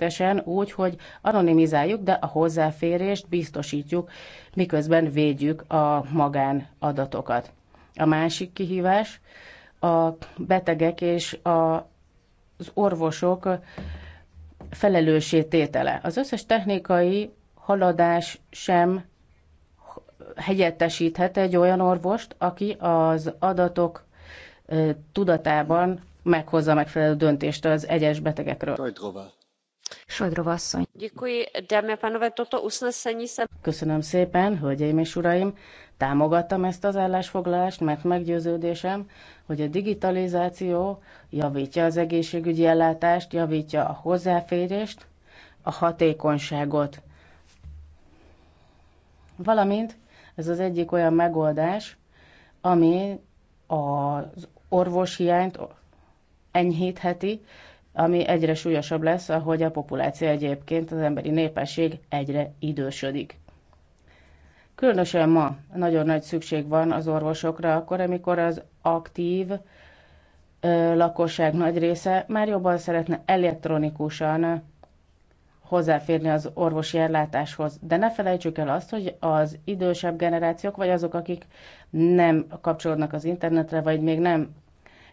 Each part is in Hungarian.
természetesen úgy, hogy anonimizáljuk, de a hozzáférést biztosítjuk, miközben védjük a magánadatokat. A másik kihívás a betegek és a, az orvosok felelőssététele. tétele. Az összes technikai haladás sem helyettesíthet egy olyan orvost, aki az adatok tudatában meghozza megfelelő döntést az egyes betegekről. Köszönöm szépen, hölgyeim és uraim! Támogattam ezt az állásfoglalást, mert meggyőződésem, hogy a digitalizáció javítja az egészségügyi ellátást, javítja a hozzáférést, a hatékonyságot. Valamint ez az egyik olyan megoldás, ami az orvoshiányt enyhítheti, ami egyre súlyosabb lesz, ahogy a populáció egyébként, az emberi népesség egyre idősödik. Különösen ma nagyon nagy szükség van az orvosokra, akkor, amikor az aktív ö, lakosság nagy része már jobban szeretne elektronikusan hozzáférni az orvosi ellátáshoz. De ne felejtsük el azt, hogy az idősebb generációk, vagy azok, akik nem kapcsolódnak az internetre, vagy még nem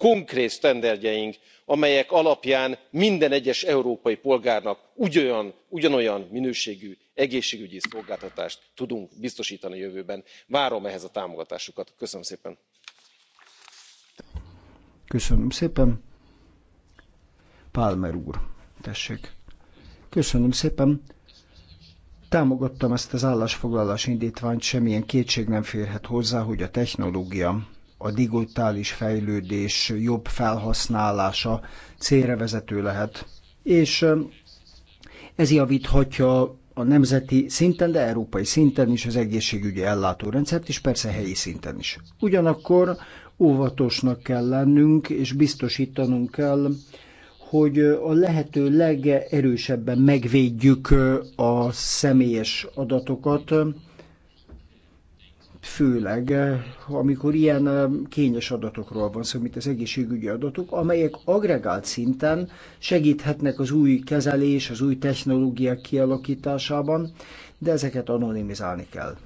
konkrét sztenderdjeink amelyek alapján minden egyes európai polgárnak ugyanolyan minőségű egészségügyi szolgáltatást tudunk biztostani a jövőben. várom ehhez a támogatásukat. köszönöm szépen! Köszönöm szépen. Palmer úr, Köszönöm szépen. Támogattam ezt az állásfoglalás indítványt, semmilyen kétség nem férhet hozzá, hogy a technológia a digitális fejlődés jobb felhasználása célra vezető lehet, és ez javíthatja a nemzeti szinten, de európai szinten is az egészségügyi ellátórendszert, és persze helyi szinten is. Ugyanakkor óvatosnak kell lennünk, és biztosítanunk kell, hogy a lehető legerősebben megvédjük a személyes adatokat, főleg eh, amikor ilyen eh, kényes adatokról van szó, mint az egészségügyi adatok, amelyek agregált szinten segíthetnek az új kezelés, az új technológiák kialakításában, de ezeket anonimizálni kell.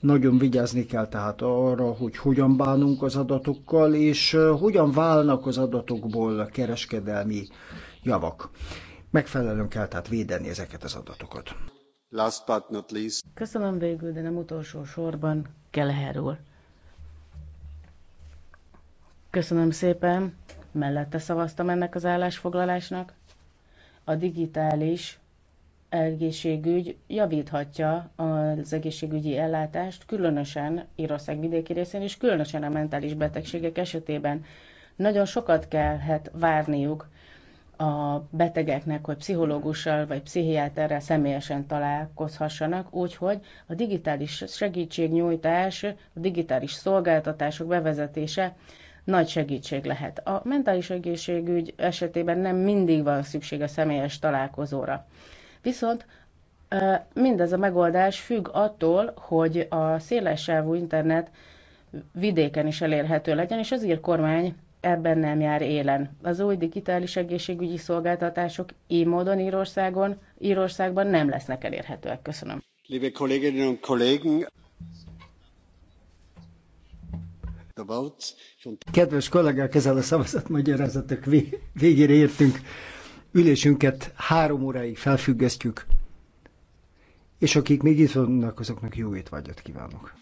Nagyon vigyázni kell tehát arra, hogy hogyan bánunk az adatokkal, és eh, hogyan válnak az adatokból kereskedelmi javak. Megfelelően kell tehát védeni ezeket az adatokat. Last but not least. Köszönöm végül, de nem utolsó sorban Keleher Köszönöm szépen, mellette szavaztam ennek az állásfoglalásnak. A digitális egészségügy javíthatja az egészségügyi ellátást, különösen Írország vidéki részén, és különösen a mentális betegségek esetében. Nagyon sokat kellhet várniuk a betegeknek, hogy pszichológussal vagy pszichiáterrel személyesen találkozhassanak, úgyhogy a digitális segítségnyújtás, a digitális szolgáltatások bevezetése nagy segítség lehet. A mentális egészségügy esetében nem mindig van szükség a személyes találkozóra. Viszont mindez a megoldás függ attól, hogy a szélessávú internet vidéken is elérhető legyen, és az kormány ebben nem jár élen. Az új digitális egészségügyi szolgáltatások így módon Írországon, Írországban nem lesznek elérhetőek. Köszönöm. Liebe Kolleginnen und Kollegen, Kedves kollégák, ezzel a magyarázatok végére értünk. Ülésünket három óráig felfüggesztjük, és akik még itt vannak, azoknak jó étvágyat kívánok.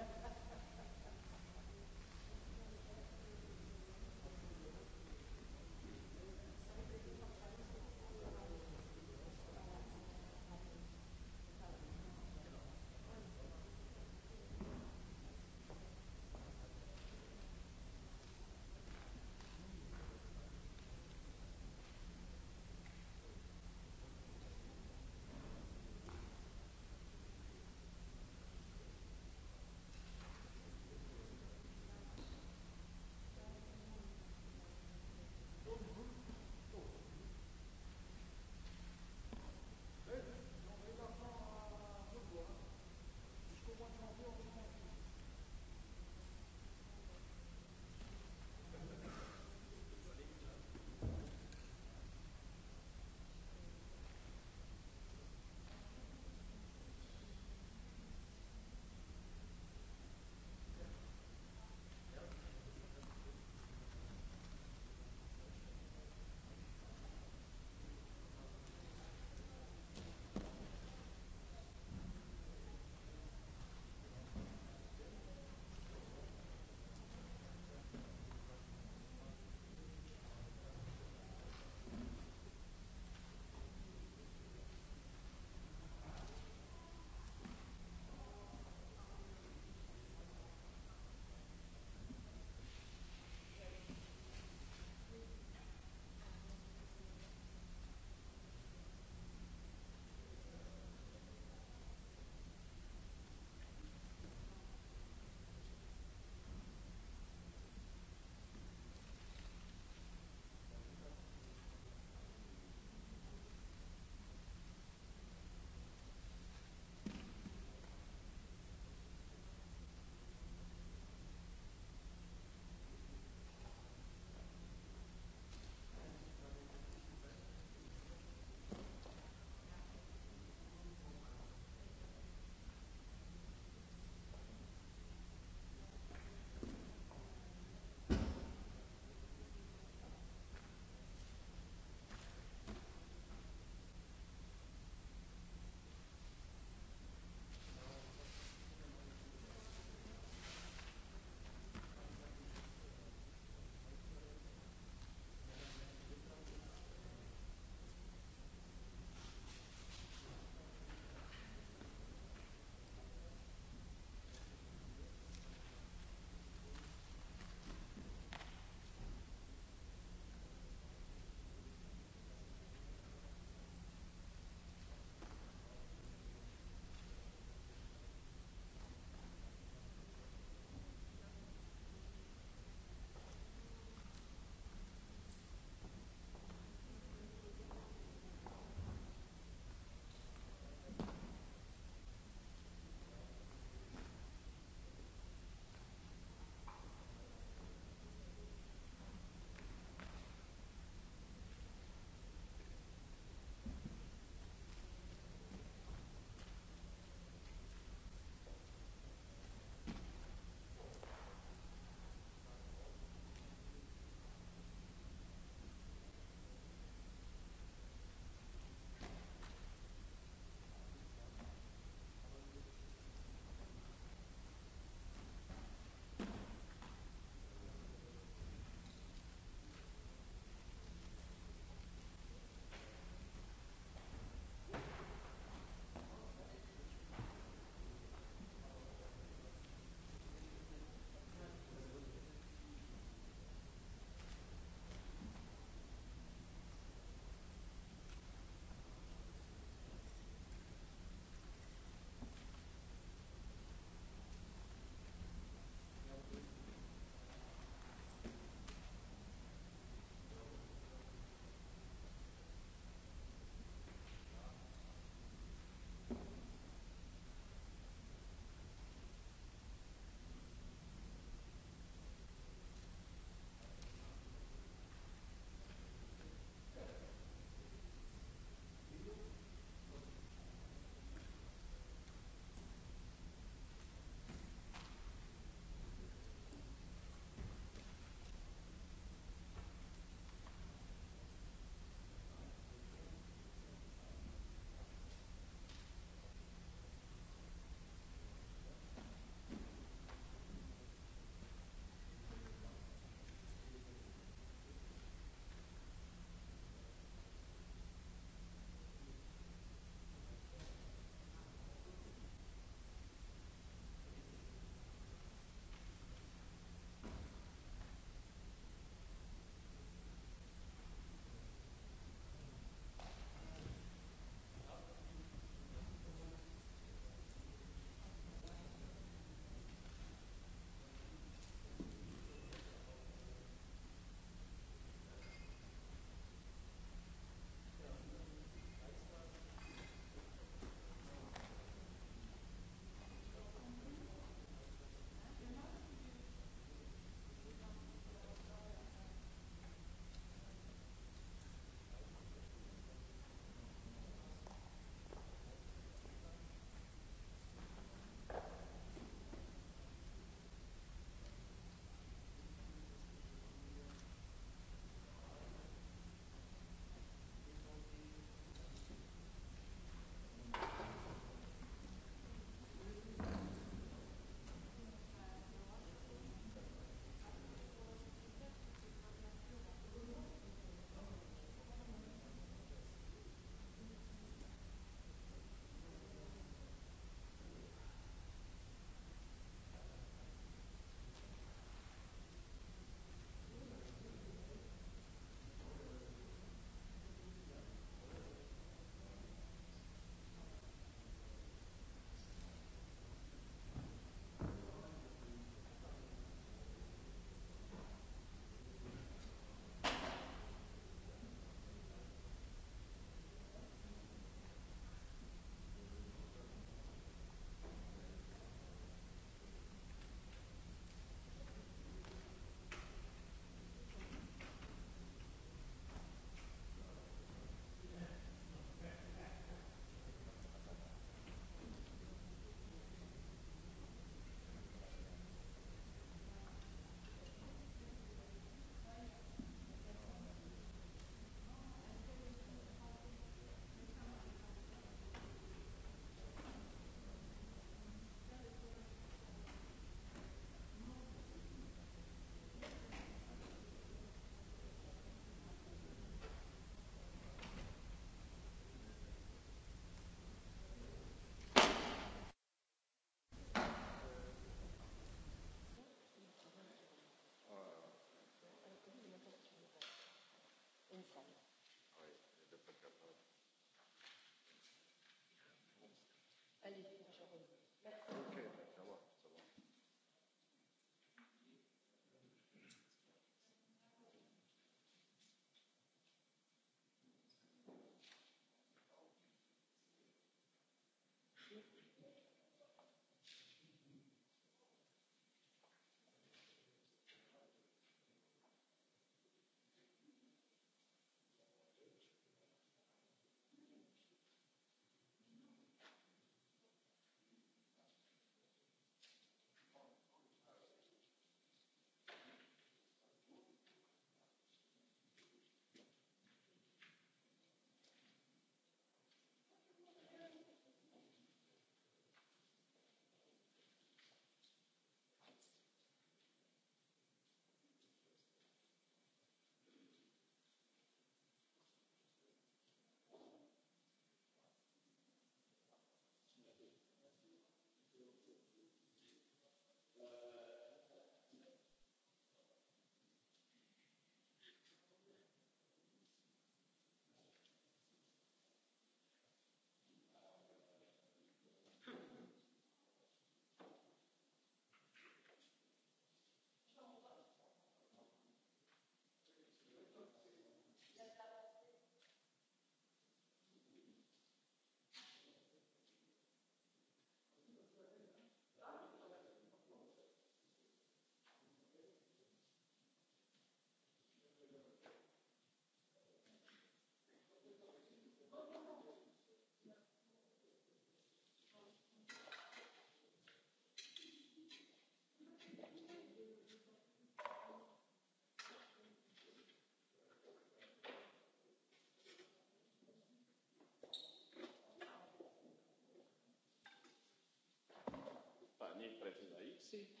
dessus.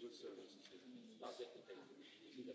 Good services. Not the thing. You the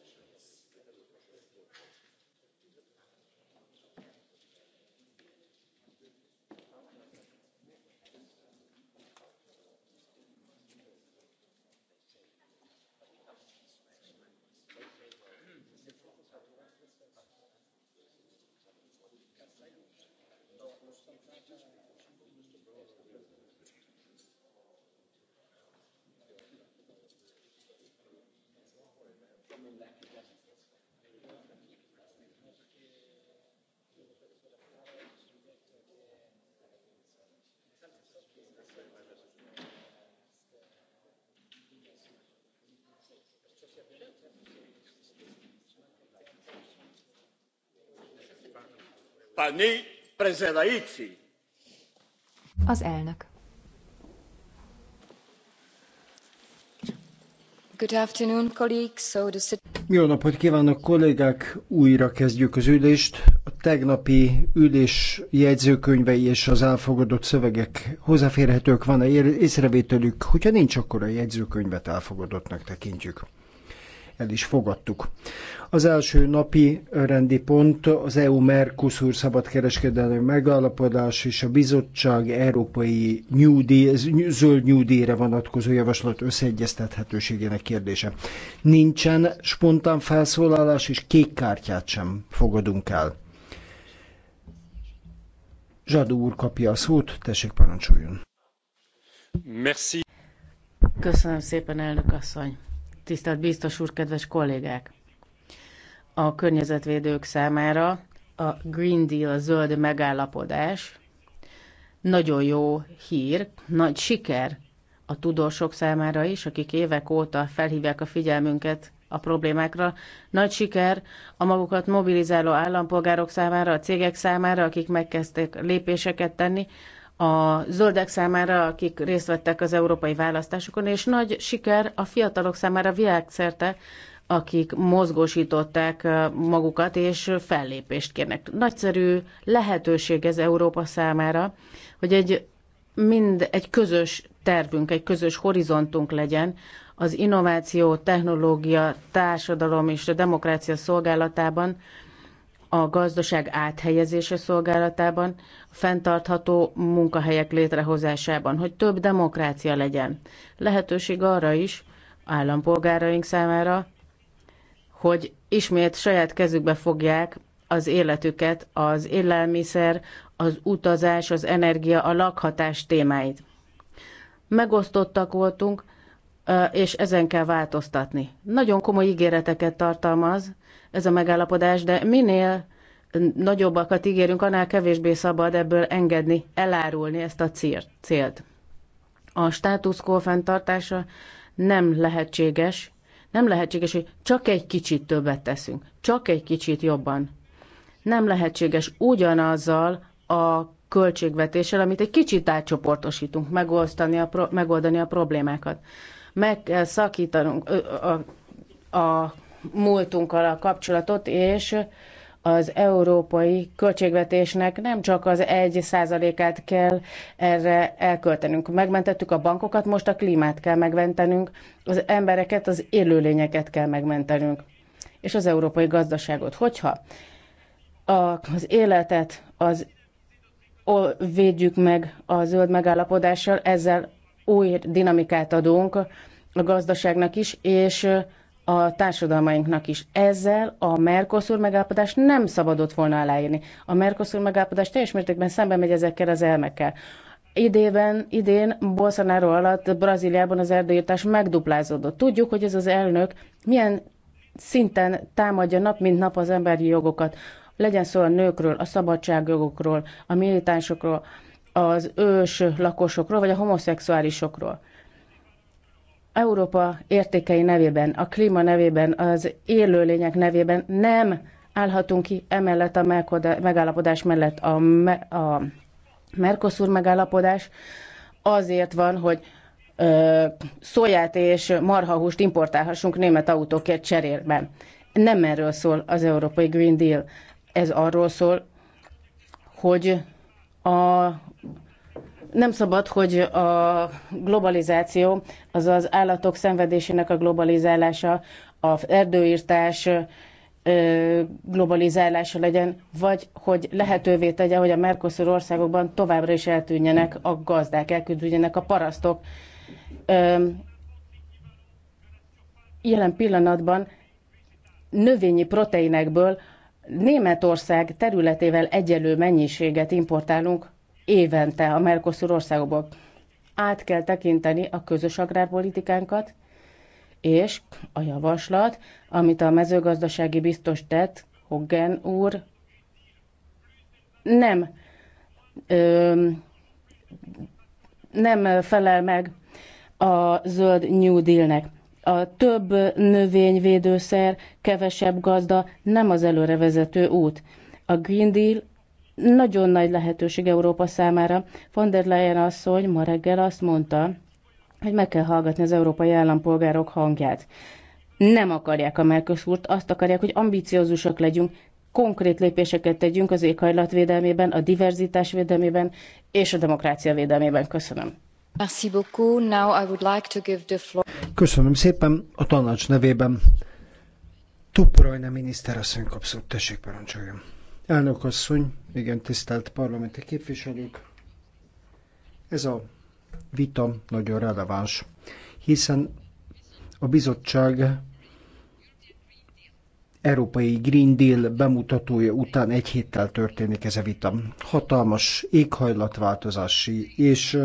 pani az elnök. Good afternoon, colleagues. So the... Jó napot kívánok, kollégák! Újra kezdjük az ülést. A tegnapi ülés jegyzőkönyvei és az elfogadott szövegek hozzáférhetők van-e észrevételük? Hogyha nincs, akkor a jegyzőkönyvet elfogadottnak tekintjük el is fogadtuk. Az első napi rendi pont az EU-Mercosur szabadkereskedelmi megállapodás és a bizottság európai New Deal, zöld New Deal-re vonatkozó javaslat összeegyeztethetőségének kérdése. Nincsen spontán felszólalás, és kék kártyát sem fogadunk el. Zsadó úr kapja a szót, tessék parancsoljon. Merci. Köszönöm szépen, elnök asszony tisztelt biztos úr, kedves kollégák! A környezetvédők számára a Green Deal, a zöld megállapodás nagyon jó hír, nagy siker a tudósok számára is, akik évek óta felhívják a figyelmünket a problémákra. Nagy siker a magukat mobilizáló állampolgárok számára, a cégek számára, akik megkezdték lépéseket tenni, a zöldek számára, akik részt vettek az európai választásokon, és nagy siker a fiatalok számára világszerte, akik mozgósították magukat, és fellépést kérnek. Nagyszerű lehetőség ez Európa számára, hogy egy mind egy közös tervünk, egy közös horizontunk legyen az innováció, technológia, társadalom és a demokrácia szolgálatában, a gazdaság áthelyezése szolgálatában, a fenntartható munkahelyek létrehozásában, hogy több demokrácia legyen. Lehetőség arra is állampolgáraink számára, hogy ismét saját kezükbe fogják az életüket, az élelmiszer, az utazás, az energia, a lakhatás témáit. Megosztottak voltunk, és ezen kell változtatni. Nagyon komoly ígéreteket tartalmaz, ez a megállapodás, de minél nagyobbakat ígérünk, annál kevésbé szabad ebből engedni, elárulni ezt a célt. A status fenntartása nem lehetséges, nem lehetséges, hogy csak egy kicsit többet teszünk, csak egy kicsit jobban. Nem lehetséges ugyanazzal a költségvetéssel, amit egy kicsit átcsoportosítunk, megoldani a, pro- megoldani a problémákat. Meg kell szakítanunk a, a múltunkkal a kapcsolatot, és az európai költségvetésnek nem csak az egy százalékát kell erre elköltenünk. Megmentettük a bankokat, most a klímát kell megmentenünk, az embereket, az élőlényeket kell megmentenünk, és az európai gazdaságot. Hogyha az életet az védjük meg a zöld megállapodással, ezzel új dinamikát adunk a gazdaságnak is, és a társadalmainknak is. Ezzel a Mercosur megállapodást nem szabadott volna aláírni. A Mercosur megállapodás teljes mértékben szemben megy ezekkel az elmekkel. Idében, idén Bolsonaro alatt Brazíliában az erdőírtás megduplázódott. Tudjuk, hogy ez az elnök milyen szinten támadja nap mint nap az emberi jogokat. Legyen szó a nőkről, a szabadságjogokról, a militánsokról, az ős lakosokról, vagy a homoszexuálisokról. Európa értékei nevében, a klíma nevében, az élőlények nevében nem állhatunk ki emellett a megállapodás mellett. A, me- a Mercosur megállapodás azért van, hogy ö, szóját és marhahúst importálhassunk német autókért cserélben. Nem erről szól az Európai Green Deal. Ez arról szól, hogy a nem szabad, hogy a globalizáció, azaz állatok szenvedésének a globalizálása, az erdőírtás globalizálása legyen, vagy hogy lehetővé tegye, hogy a Mercosur országokban továbbra is eltűnjenek a gazdák, elküldjenek a parasztok. Jelen pillanatban növényi proteinekből Németország területével egyelő mennyiséget importálunk évente a Mercosur országokból. Át kell tekinteni a közös agrárpolitikánkat, és a javaslat, amit a mezőgazdasági biztos tett, Hogan úr, nem, ö, nem felel meg a zöld New Deal-nek. A több növényvédőszer, kevesebb gazda nem az előrevezető út. A Green Deal nagyon nagy lehetőség Európa számára. Von der Leyen asszony ma reggel azt mondta, hogy meg kell hallgatni az európai állampolgárok hangját. Nem akarják a Mercosurt, azt akarják, hogy ambiciózusak legyünk, konkrét lépéseket tegyünk az éghajlat védelmében, a diverzitás védelmében és a demokrácia védelmében. Köszönöm. Merci beaucoup. Now I would like to give the floor. Köszönöm szépen a tanács nevében. miniszter asszony kapszott, tessék parancsoljon. Elnök asszony, igen, tisztelt parlamenti képviselők, ez a vita nagyon releváns, hiszen a bizottság Európai Green Deal bemutatója után egy héttel történik ez a vita. Hatalmas éghajlatváltozási és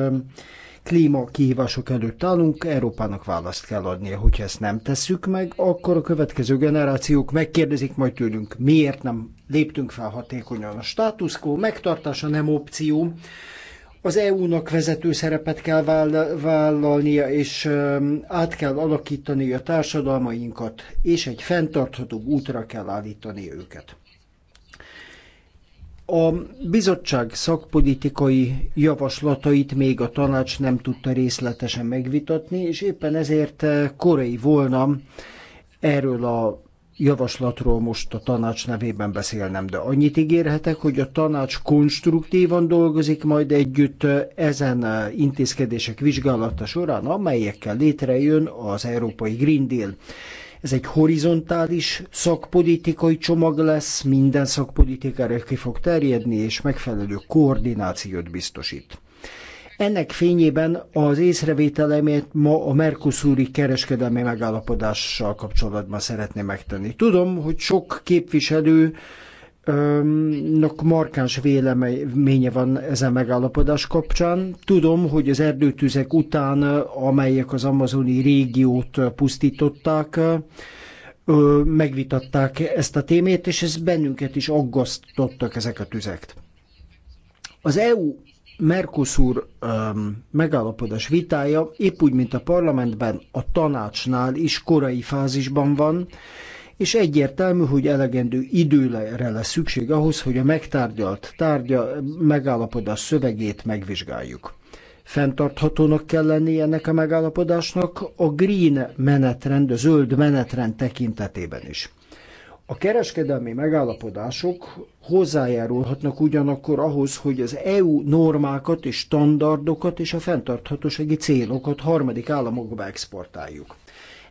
klíma kihívások előtt állunk, Európának választ kell adnia. Hogyha ezt nem tesszük meg, akkor a következő generációk megkérdezik majd tőlünk, miért nem léptünk fel hatékonyan. A status quo megtartása nem opció, az EU-nak vezető szerepet kell vállalnia, és um, át kell alakítani a társadalmainkat, és egy fenntarthatóbb útra kell állítani őket. A bizottság szakpolitikai javaslatait még a tanács nem tudta részletesen megvitatni, és éppen ezért korai eh, volna erről a javaslatról most a tanács nevében beszélnem, de annyit ígérhetek, hogy a tanács konstruktívan dolgozik majd együtt eh, ezen eh, intézkedések vizsgálata során, amelyekkel létrejön az Európai Green Deal. Ez egy horizontális szakpolitikai csomag lesz, minden szakpolitikára ki fog terjedni, és megfelelő koordinációt biztosít. Ennek fényében az észrevételemet ma a Mercosuri kereskedelmi megállapodással kapcsolatban szeretném megtenni. Tudom, hogy sok képviselő nak markáns véleménye van ezen megállapodás kapcsán. Tudom, hogy az erdőtüzek után, amelyek az amazoni régiót pusztították, megvitatták ezt a témét, és ez bennünket is aggasztottak ezek a tüzek. Az EU Mercosur um, megállapodás vitája épp úgy, mint a parlamentben, a tanácsnál is korai fázisban van, és egyértelmű, hogy elegendő időre lesz szükség ahhoz, hogy a megtárgyalt tárgya megállapodás szövegét megvizsgáljuk. Fentarthatónak kell lennie ennek a megállapodásnak a green menetrend, a zöld menetrend tekintetében is. A kereskedelmi megállapodások hozzájárulhatnak ugyanakkor ahhoz, hogy az EU normákat és standardokat és a fenntarthatósági célokat harmadik államokba exportáljuk.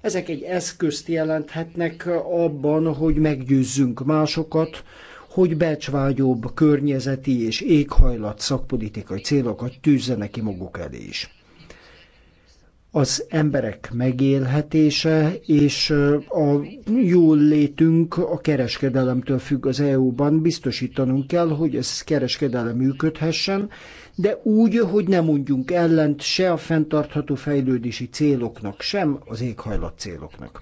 Ezek egy eszközt jelenthetnek abban, hogy meggyőzzünk másokat, hogy becsvágyóbb környezeti és éghajlat szakpolitikai célokat tűzzenek ki maguk elé is. Az emberek megélhetése és a jól létünk a kereskedelemtől függ az EU-ban. Biztosítanunk kell, hogy ez kereskedelem működhessen, de úgy, hogy ne mondjunk ellent se a fenntartható fejlődési céloknak, sem az éghajlat céloknak.